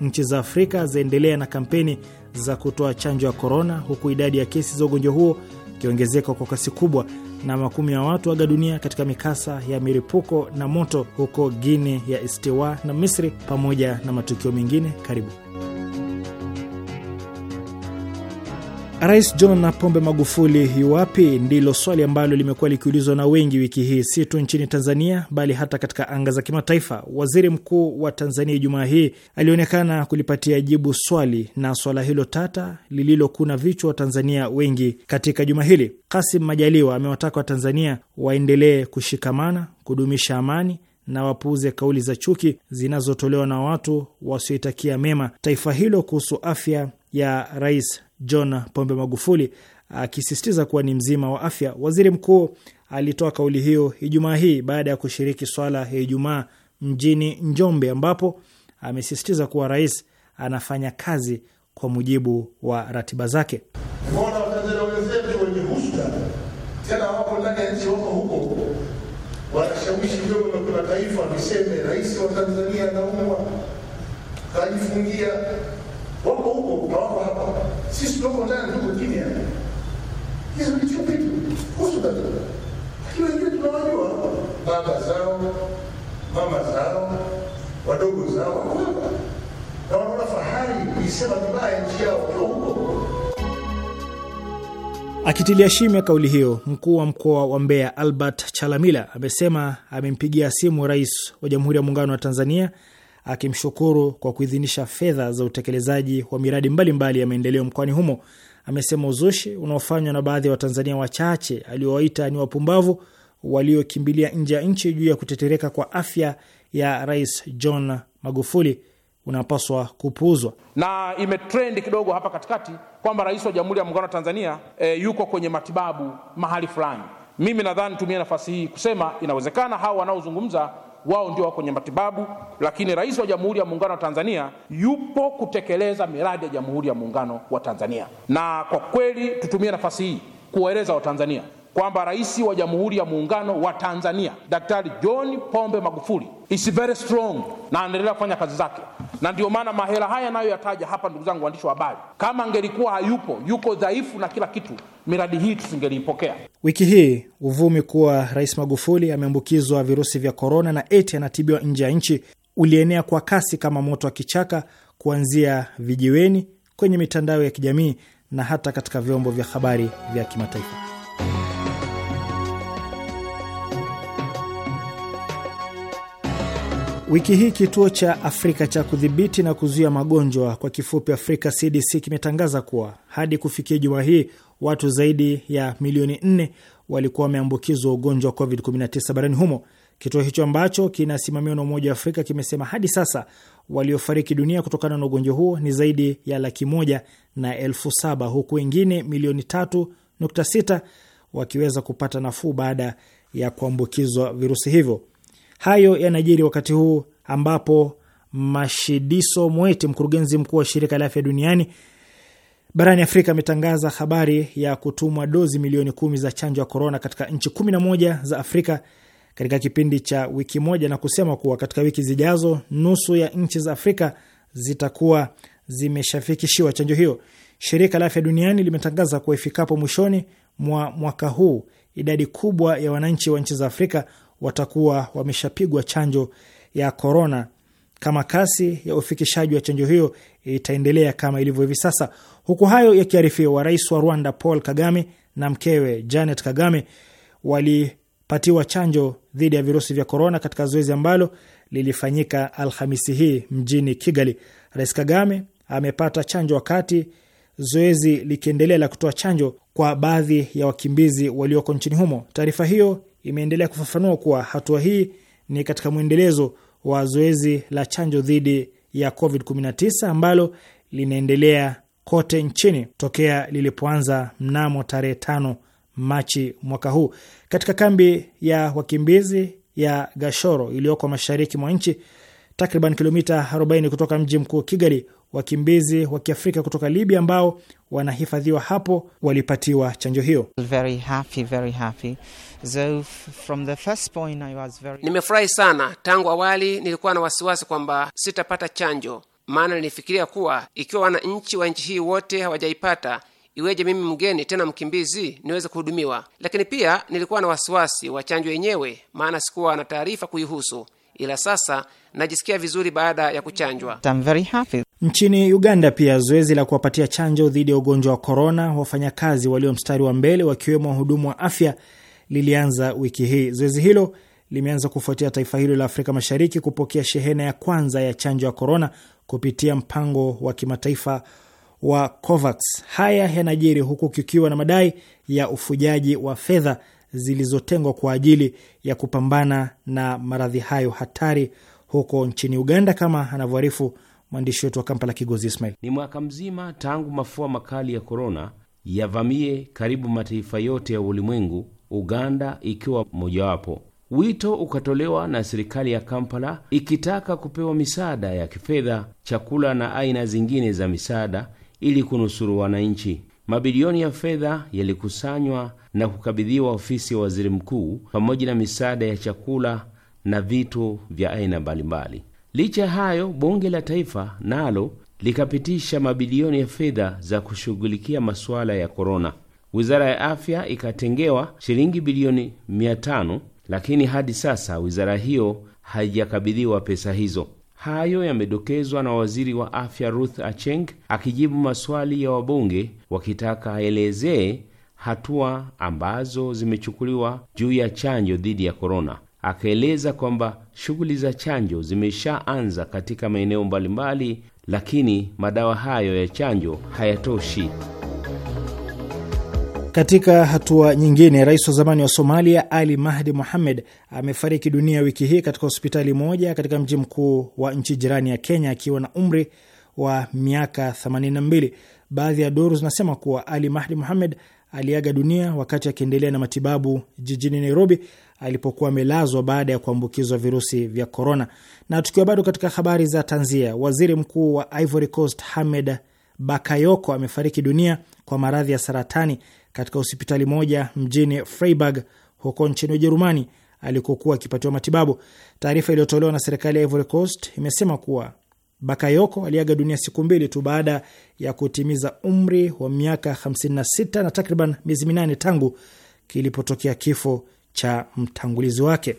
nchi za Afrika zaendelea na kampeni za kutoa chanjo ya korona, huku idadi ya kesi za ugonjwa huo ikiongezeka kwa kasi kubwa na makumi ya watu aga dunia katika mikasa ya milipuko na moto huko Guinea ya Istiwa na Misri, pamoja na matukio mengine. Karibu. Rais John Pombe Magufuli yuwapi? Ndilo swali ambalo limekuwa likiulizwa na wengi wiki hii, si tu nchini Tanzania bali hata katika anga za kimataifa. Waziri Mkuu wa Tanzania Ijumaa hii alionekana kulipatia jibu swali na swala hilo tata lililokuna vichwa wa tanzania wengi katika juma hili. Kasim Majaliwa amewataka Watanzania waendelee kushikamana, kudumisha amani na wapuuze kauli za chuki zinazotolewa na watu wasioitakia mema taifa hilo kuhusu afya ya Rais John Pombe Magufuli akisisitiza kuwa ni mzima wa afya. Waziri mkuu alitoa kauli hiyo Ijumaa hii baada ya kushiriki swala ya Ijumaa mjini Njombe, ambapo amesisitiza kuwa rais anafanya kazi kwa mujibu wa ratiba zake. Mbona Watanzania wenzetu wenye tena wako ndani ya nchi, wako huko wanashawishi vyombo vya kimataifa viseme rais wa Tanzania anaumwa, kajifungia. Wako huko na wako hapa sisi tunaokutana ndugu wengine hapa hizo ndicho kitu kuhusu dada, lakini wengine tunawajua baba zao mama zao wadogo zao hapa na wanaona fahari kuisema vibaya nchi yao kwa huko. Akitilia shime kauli hiyo, mkuu wa mkoa wa Mbeya Albert Chalamila amesema amempigia simu rais wa Jamhuri ya Muungano wa Tanzania akimshukuru kwa kuidhinisha fedha za utekelezaji wa miradi mbalimbali mbali ya maendeleo mkoani humo. Amesema uzushi unaofanywa na baadhi ya Watanzania wachache aliowaita ni wapumbavu waliokimbilia nje ya nchi juu ya kutetereka kwa afya ya Rais John Magufuli unapaswa kupuuzwa. Na imetrendi kidogo hapa katikati kwamba rais wa Jamhuri ya Muungano wa Tanzania e, yuko kwenye matibabu mahali fulani. Mimi nadhani tumie nafasi hii kusema inawezekana hao wanaozungumza wao ndio wako kwenye matibabu, lakini rais wa Jamhuri ya Muungano wa Tanzania yupo kutekeleza miradi ya Jamhuri ya Muungano wa Tanzania. Na kwa kweli tutumie nafasi hii kuwaeleza Watanzania kwamba rais wa Jamhuri ya Muungano wa Tanzania Daktari John Pombe Magufuli is very strong na anaendelea kufanya kazi zake na ndio maana mahela haya nayo yataja hapa, ndugu zangu waandishi wa habari. Kama angelikuwa hayupo, yuko dhaifu na kila kitu, miradi hii tusingelipokea. Wiki hii uvumi kuwa Rais Magufuli ameambukizwa virusi vya korona na eti anatibiwa nje ya nchi ulienea kwa kasi kama moto wa kichaka, kuanzia vijiweni, kwenye mitandao ya kijamii na hata katika vyombo vya habari vya kimataifa. Wiki hii kituo cha Afrika cha kudhibiti na kuzuia magonjwa kwa kifupi Afrika CDC kimetangaza kuwa hadi kufikia juma hii watu zaidi ya milioni nne walikuwa wameambukizwa ugonjwa wa COVID-19 barani humo. Kituo hicho ambacho kinasimamiwa na Umoja wa Afrika kimesema hadi sasa waliofariki dunia kutokana na ugonjwa huo ni zaidi ya laki moja na elfu saba huku wengine milioni tatu nukta sita wakiweza kupata nafuu baada ya kuambukizwa virusi hivyo. Hayo yanajiri wakati huu ambapo Mashidiso Mweti, mkurugenzi mkuu wa shirika la afya duniani barani Afrika, ametangaza habari ya kutumwa dozi milioni kumi za chanjo ya korona katika nchi kumi na moja za Afrika katika kipindi cha wiki moja, na kusema kuwa katika wiki zijazo nusu ya nchi za Afrika zitakuwa zimeshafikishiwa chanjo hiyo. Shirika la afya duniani limetangaza kuwa ifikapo mwishoni mwa mwaka huu idadi kubwa ya wananchi wa nchi za Afrika watakuwa wameshapigwa chanjo ya korona kama kasi ya ufikishaji wa chanjo hiyo itaendelea kama ilivyo hivi sasa. Huku hayo yakiarifiwa, rais wa Rwanda Paul Kagame na mkewe Janet Kagame walipatiwa chanjo dhidi ya virusi vya korona katika zoezi ambalo lilifanyika Alhamisi hii mjini Kigali. Rais Kagame amepata chanjo wakati zoezi likiendelea la kutoa chanjo kwa baadhi ya wakimbizi walioko nchini humo. Taarifa hiyo imeendelea kufafanua kuwa hatua hii ni katika mwendelezo wa zoezi la chanjo dhidi ya COVID-19 ambalo linaendelea kote nchini tokea lilipoanza mnamo tarehe a Machi mwaka huu. Katika kambi ya wakimbizi ya Gashoro iliyoko mashariki mwa nchi, takriban kilomita 40 kutoka mji mkuu Kigali. Wakimbizi wa Kiafrika kutoka Libya ambao wanahifadhiwa hapo walipatiwa chanjo hiyo. very happy, very happy. So very... nimefurahi sana. Tangu awali nilikuwa na wasiwasi kwamba sitapata chanjo, maana nilifikiria kuwa ikiwa wananchi wa nchi hii wote hawajaipata iweje mimi mgeni tena mkimbizi niweze kuhudumiwa? Lakini pia nilikuwa na wasiwasi wa chanjo yenyewe, maana sikuwa na taarifa kuihusu ila sasa najisikia vizuri baada ya kuchanjwa. I'm very happy. Nchini Uganda pia zoezi la kuwapatia chanjo dhidi ya ugonjwa wa korona wafanyakazi walio mstari wa mbele wakiwemo wahudumu wa afya lilianza wiki hii. Zoezi hilo limeanza kufuatia taifa hilo la Afrika Mashariki kupokea shehena ya kwanza ya chanjo ya korona kupitia mpango wa kimataifa wa COVAX. Haya yanajiri huku kikiwa na madai ya ufujaji wa fedha zilizotengwa kwa ajili ya kupambana na maradhi hayo hatari huko nchini Uganda, kama anavyoarifu mwandishi wetu wa Kampala, Kigozi Ismail. Ni mwaka mzima tangu mafua makali ya korona yavamie karibu mataifa yote ya ulimwengu, Uganda ikiwa mojawapo. Wito ukatolewa na serikali ya Kampala ikitaka kupewa misaada ya kifedha, chakula na aina zingine za misaada ili kunusuru wananchi. Mabilioni ya fedha yalikusanywa na kukabidhiwa ofisi ya waziri mkuu pamoja na misaada ya chakula na vitu vya aina mbalimbali. Licha ya hayo, bunge la taifa nalo likapitisha mabilioni ya fedha za kushughulikia masuala ya korona. Wizara ya afya ikatengewa shilingi bilioni 5 lakini hadi sasa wizara hiyo haijakabidhiwa pesa hizo. Hayo yamedokezwa na waziri wa afya Ruth Acheng akijibu maswali ya wabunge wakitaka aelezee hatua ambazo zimechukuliwa juu ya chanjo dhidi ya korona. Akaeleza kwamba shughuli za chanjo zimeshaanza katika maeneo mbalimbali, lakini madawa hayo ya chanjo hayatoshi. Katika hatua nyingine, rais wa zamani wa Somalia Ali Mahdi muhamed amefariki dunia wiki hii katika hospitali moja katika mji mkuu wa nchi jirani ya Kenya akiwa na umri wa miaka 82. Baadhi ya duru zinasema kuwa Ali Mahdi Mohamed aliaga dunia wakati akiendelea na matibabu jijini Nairobi alipokuwa amelazwa baada ya kuambukizwa virusi vya korona. Na tukiwa bado katika habari za tanzia, waziri mkuu wa Ivory Coast Hamed Bakayoko amefariki dunia kwa maradhi ya saratani katika hospitali moja mjini Freiburg huko nchini Ujerumani alikokuwa akipatiwa matibabu. Taarifa iliyotolewa na serikali ya Ivory Coast imesema kuwa Bakayoko aliaga dunia siku mbili tu baada ya kutimiza umri wa miaka 56 na takriban miezi minane tangu kilipotokea kifo cha mtangulizi wake.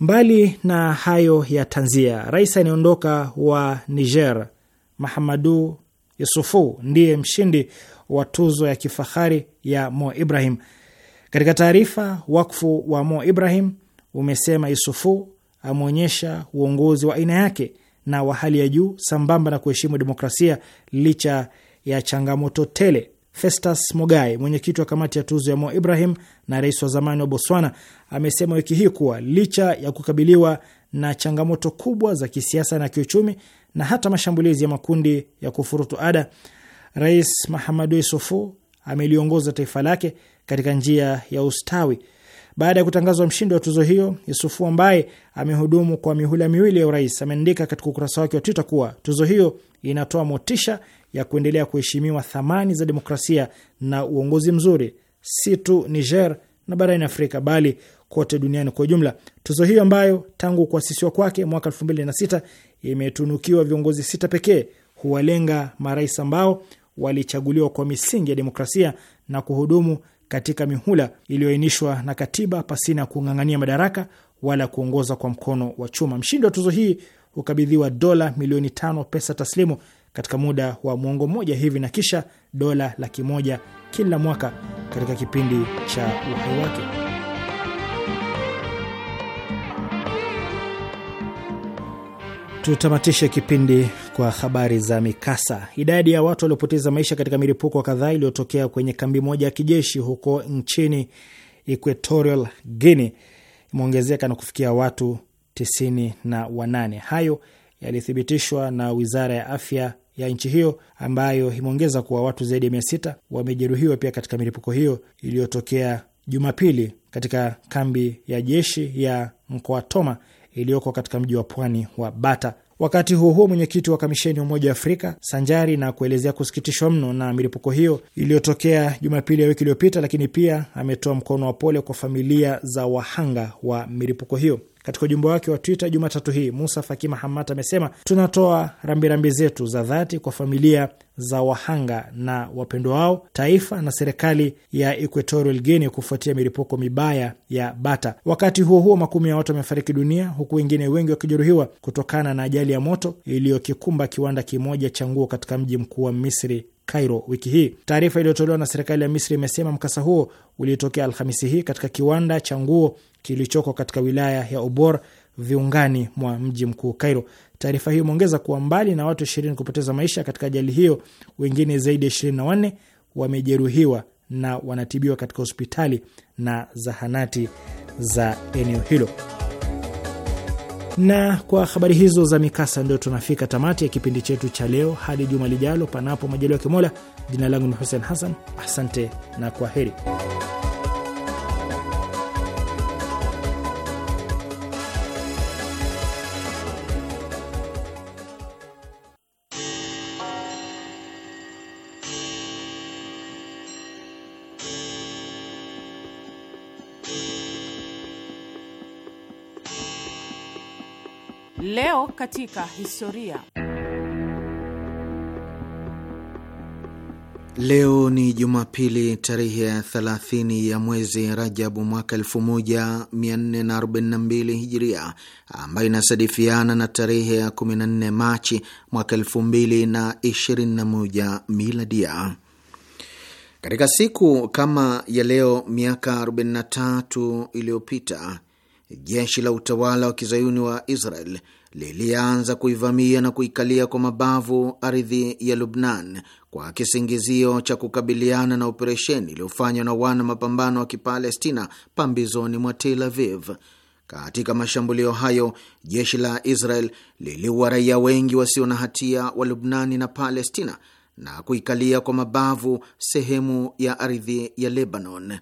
Mbali na hayo ya tanzia, rais anayeondoka wa Niger Mahamadu Yusufu ndiye mshindi wa tuzo ya kifahari ya Mo Ibrahim. Katika taarifa, wakfu wa Mo Ibrahim umesema Isufu ameonyesha uongozi wa aina yake na wa hali ya juu sambamba na kuheshimu demokrasia licha ya changamoto tele. Festus Mogae, mwenyekiti wa kamati ya tuzo ya Mo Ibrahim na rais wa zamani wa Botswana, amesema wiki hii kuwa licha ya kukabiliwa na changamoto kubwa za kisiasa na kiuchumi na hata mashambulizi ya makundi ya kufurutu ada, Rais Mahamadu Isufu ameliongoza taifa lake katika njia ya ustawi. Baada ya kutangazwa mshindi wa tuzo hiyo, Yusufu ambaye amehudumu kwa mihula miwili ya urais ameandika katika ukurasa wake wa Twitter kuwa tuzo hiyo inatoa motisha ya kuendelea kuheshimiwa thamani za demokrasia na uongozi mzuri, si tu Niger na barani Afrika bali kote duniani kwa ujumla. Tuzo hiyo ambayo tangu kuasisiwa kwake mwaka 2006 imetunukiwa viongozi sita pekee huwalenga marais ambao walichaguliwa kwa misingi ya demokrasia na kuhudumu katika mihula iliyoainishwa na katiba pasina kung'ang'ania madaraka wala kuongoza kwa mkono wa chuma. Mshindi wa tuzo hii hukabidhiwa dola milioni tano pesa taslimu katika muda wa mwongo mmoja hivi na kisha dola laki moja kila mwaka katika kipindi cha uhai wake. Tutamatishe kipindi kwa habari za mikasa. Idadi ya watu waliopoteza maisha katika milipuko kadhaa iliyotokea kwenye kambi moja ya kijeshi huko nchini Equatorial Guinea imeongezeka na kufikia watu tisini na wanane. Hayo yalithibitishwa na wizara ya afya ya nchi hiyo ambayo imeongeza kuwa watu zaidi ya mia sita wamejeruhiwa pia katika milipuko hiyo iliyotokea Jumapili katika kambi ya jeshi ya Mkoa Toma iliyoko katika mji wa pwani wa Bata. Wakati huo huo, mwenyekiti wa kamisheni ya Umoja wa Afrika sanjari na kuelezea kusikitishwa mno na milipuko hiyo iliyotokea Jumapili ya wiki iliyopita, lakini pia ametoa mkono wa pole kwa familia za wahanga wa milipuko hiyo. Katika ujumbe wake wa Twitter Jumatatu hii, Musa Faki Mahamat amesema tunatoa rambirambi zetu za dhati kwa familia za wahanga na wapendwa wao, taifa na serikali ya Equatorial Guinea kufuatia milipuko mibaya ya Bata. Wakati huo huo, makumi ya watu wamefariki dunia huku wengine wengi wakijeruhiwa kutokana na ajali ya moto iliyokikumba kiwanda kimoja cha nguo katika mji mkuu wa Misri Cairo wiki hii. Taarifa iliyotolewa na serikali ya Misri imesema mkasa huo uliotokea Alhamisi hii katika kiwanda cha nguo kilichoko katika wilaya ya Obor viungani mwa mji mkuu Cairo. Taarifa hiyo imeongeza kuwa mbali na watu ishirini kupoteza maisha katika ajali hiyo, wengine zaidi ya ishirini na wanne wamejeruhiwa na wanatibiwa katika hospitali na zahanati za eneo hilo. Na kwa habari hizo za mikasa, ndio tunafika tamati ya kipindi chetu cha leo. Hadi juma lijalo, panapo majaliwa ya Jina langu ni Hussein Hassan, asante na kwa heri. Leo katika historia. Leo ni Jumapili, tarehe ya 30 ya mwezi Rajabu mwaka 1442 Hijiria, ambayo inasadifiana na tarehe ya 14 Machi mwaka 2021 Miladia. Katika siku kama ya leo miaka 43 iliyopita jeshi la utawala wa kizayuni wa Israel lilianza kuivamia na kuikalia kwa mabavu ardhi ya Lubnan kwa kisingizio cha kukabiliana na operesheni iliyofanywa na wana mapambano wa Kipalestina pambizoni mwa Tel Aviv. Katika mashambulio hayo jeshi la Israel liliua raia wengi wasio na hatia wa Lubnani na Palestina na kuikalia kwa mabavu sehemu ya ardhi ya Lebanon.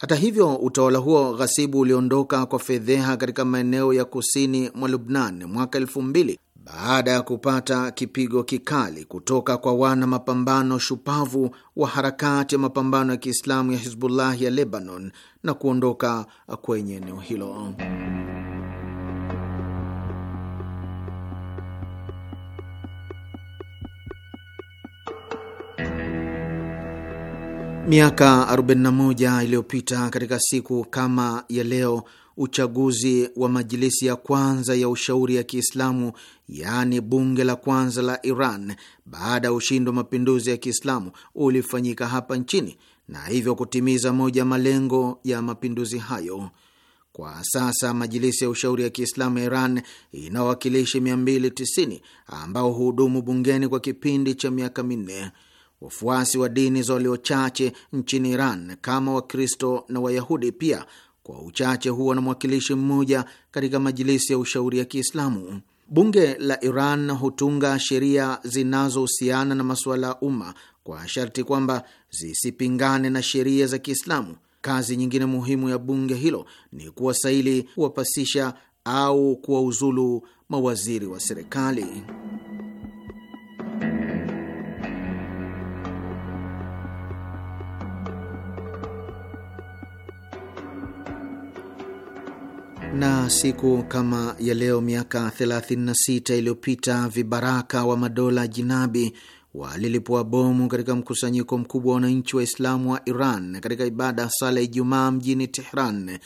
Hata hivyo, utawala huo ghasibu uliondoka kwa fedheha katika maeneo ya kusini mwa Lubnan mwaka elfu mbili baada ya kupata kipigo kikali kutoka kwa wana mapambano shupavu wa harakati ya mapambano ya Kiislamu ya Hizbullah ya Lebanon na kuondoka kwenye eneo hilo. Miaka 41 iliyopita katika siku kama ya leo, uchaguzi wa majilisi ya kwanza ya ushauri ya Kiislamu, yaani bunge la kwanza la Iran baada ya ushindi wa mapinduzi ya Kiislamu ulifanyika hapa nchini na hivyo kutimiza moja malengo ya mapinduzi hayo. Kwa sasa majilisi ya ushauri ya Kiislamu ya Iran ina wawakilishi 290 ambao huhudumu bungeni kwa kipindi cha miaka minne wafuasi wa dini za walio chache nchini Iran kama Wakristo na Wayahudi pia kwa uchache huwa na mwakilishi mmoja katika majilisi ya ushauri ya Kiislamu. Bunge la Iran hutunga sheria zinazohusiana na masuala ya umma kwa sharti kwamba zisipingane na sheria za Kiislamu. Kazi nyingine muhimu ya bunge hilo ni kuwasaili, kuwapasisha au kuwauzulu mawaziri wa serikali. na siku kama ya leo miaka 36 iliyopita vibaraka wa madola jinabi walilipua bomu katika mkusanyiko mkubwa wa wananchi wa Islamu wa Iran katika ibada ya sala Ijumaa mjini Tehran,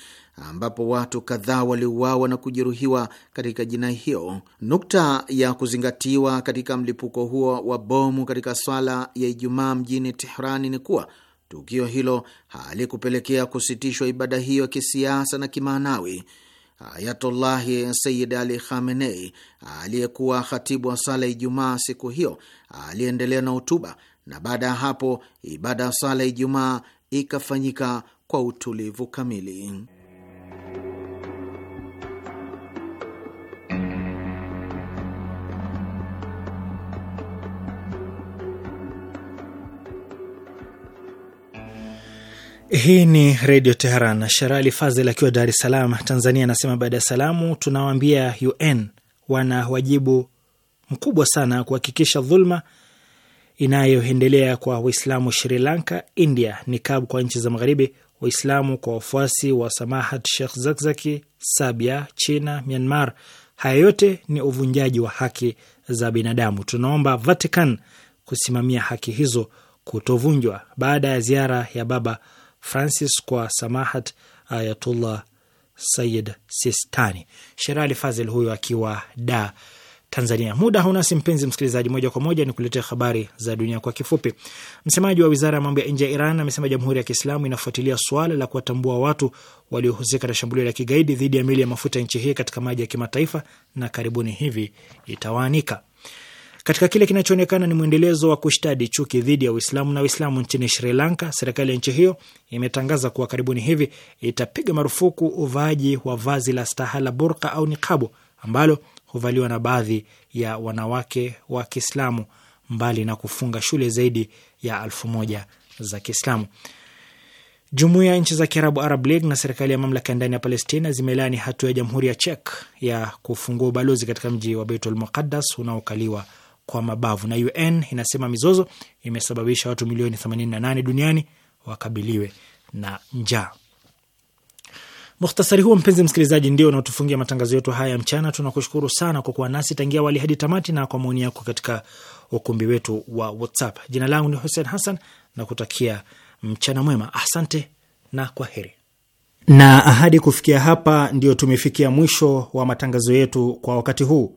ambapo watu kadhaa waliuawa na kujeruhiwa katika jinai hiyo. Nukta ya kuzingatiwa katika mlipuko huo wa bomu katika swala ya Ijumaa mjini Tehran ni kuwa tukio hilo halikupelekea kusitishwa ibada hiyo ya kisiasa na kimaanawi Ayatullahi Sayid Ali Khamenei, aliyekuwa khatibu wa sala Ijumaa siku hiyo, aliendelea na hotuba, na baada ya hapo ibada ya sala Ijumaa ikafanyika kwa utulivu kamili. Hii ni Redio Teheran. Sherali Fazel akiwa Dar es Salaam, Tanzania, anasema baada ya salamu, tunawaambia UN wana wajibu mkubwa sana kuhakikisha dhulma inayoendelea kwa Waislamu Sri Lanka, India ni kabu kwa nchi za Magharibi, Waislamu kwa wafuasi wa Samahat shekh Zakzaki, Sabia, China, Myanmar. Haya yote ni uvunjaji wa haki za binadamu. Tunaomba Vatican kusimamia haki hizo kutovunjwa. Baada ya ziara ya Baba Francis kwa samahat Ayatullah Sayid Sistani. Sherali Fazil huyo akiwa da Tanzania. Muda haunasi mpenzi msikilizaji, moja kwa moja ni kuletea habari za dunia kwa kifupi. Msemaji wa wizara ya mambo ya nje ya Iran amesema jamhuri ya Kiislamu inafuatilia suala la kuwatambua watu waliohusika na shambulio la kigaidi dhidi ya mili ya mafuta ya nchi hii katika maji ya kimataifa na karibuni hivi itawaanika. Katika kile kinachoonekana ni mwendelezo wa kushtadi chuki dhidi ya Uislamu na Waislamu nchini Sri Lanka, serikali ya nchi hiyo imetangaza kuwa karibuni hivi itapiga marufuku uvaaji wa vazi la staha la burka au nikabu ambalo huvaliwa na baadhi ya wanawake wa Kiislamu, mbali na kufunga shule zaidi ya alfu moja za Kiislamu. Jumuiya ya nchi za Kiarabu, Arab League, na serikali ya mamlaka ya ndani ya Palestina zimelaani hatua ya jamhuri ya Czech ya kufungua ubalozi katika mji wa Beitul Muqaddas unaokaliwa kwa mabavu, na UN inasema mizozo imesababisha watu milioni 88 duniani wakabiliwe na njaa. Mukhtasari huo mpenzi msikilizaji, ndio unaotufungia matangazo yetu haya mchana. Tunakushukuru sana kwa kuwa nasi tangia awali hadi tamati na kwa maoni yako katika ukumbi wetu wa WhatsApp. Jina langu ni Hussein Hassan na kutakia mchana mwema. Asante na kwa heri na ahadi. Kufikia hapa, ndio tumefikia mwisho wa matangazo yetu kwa wakati huu.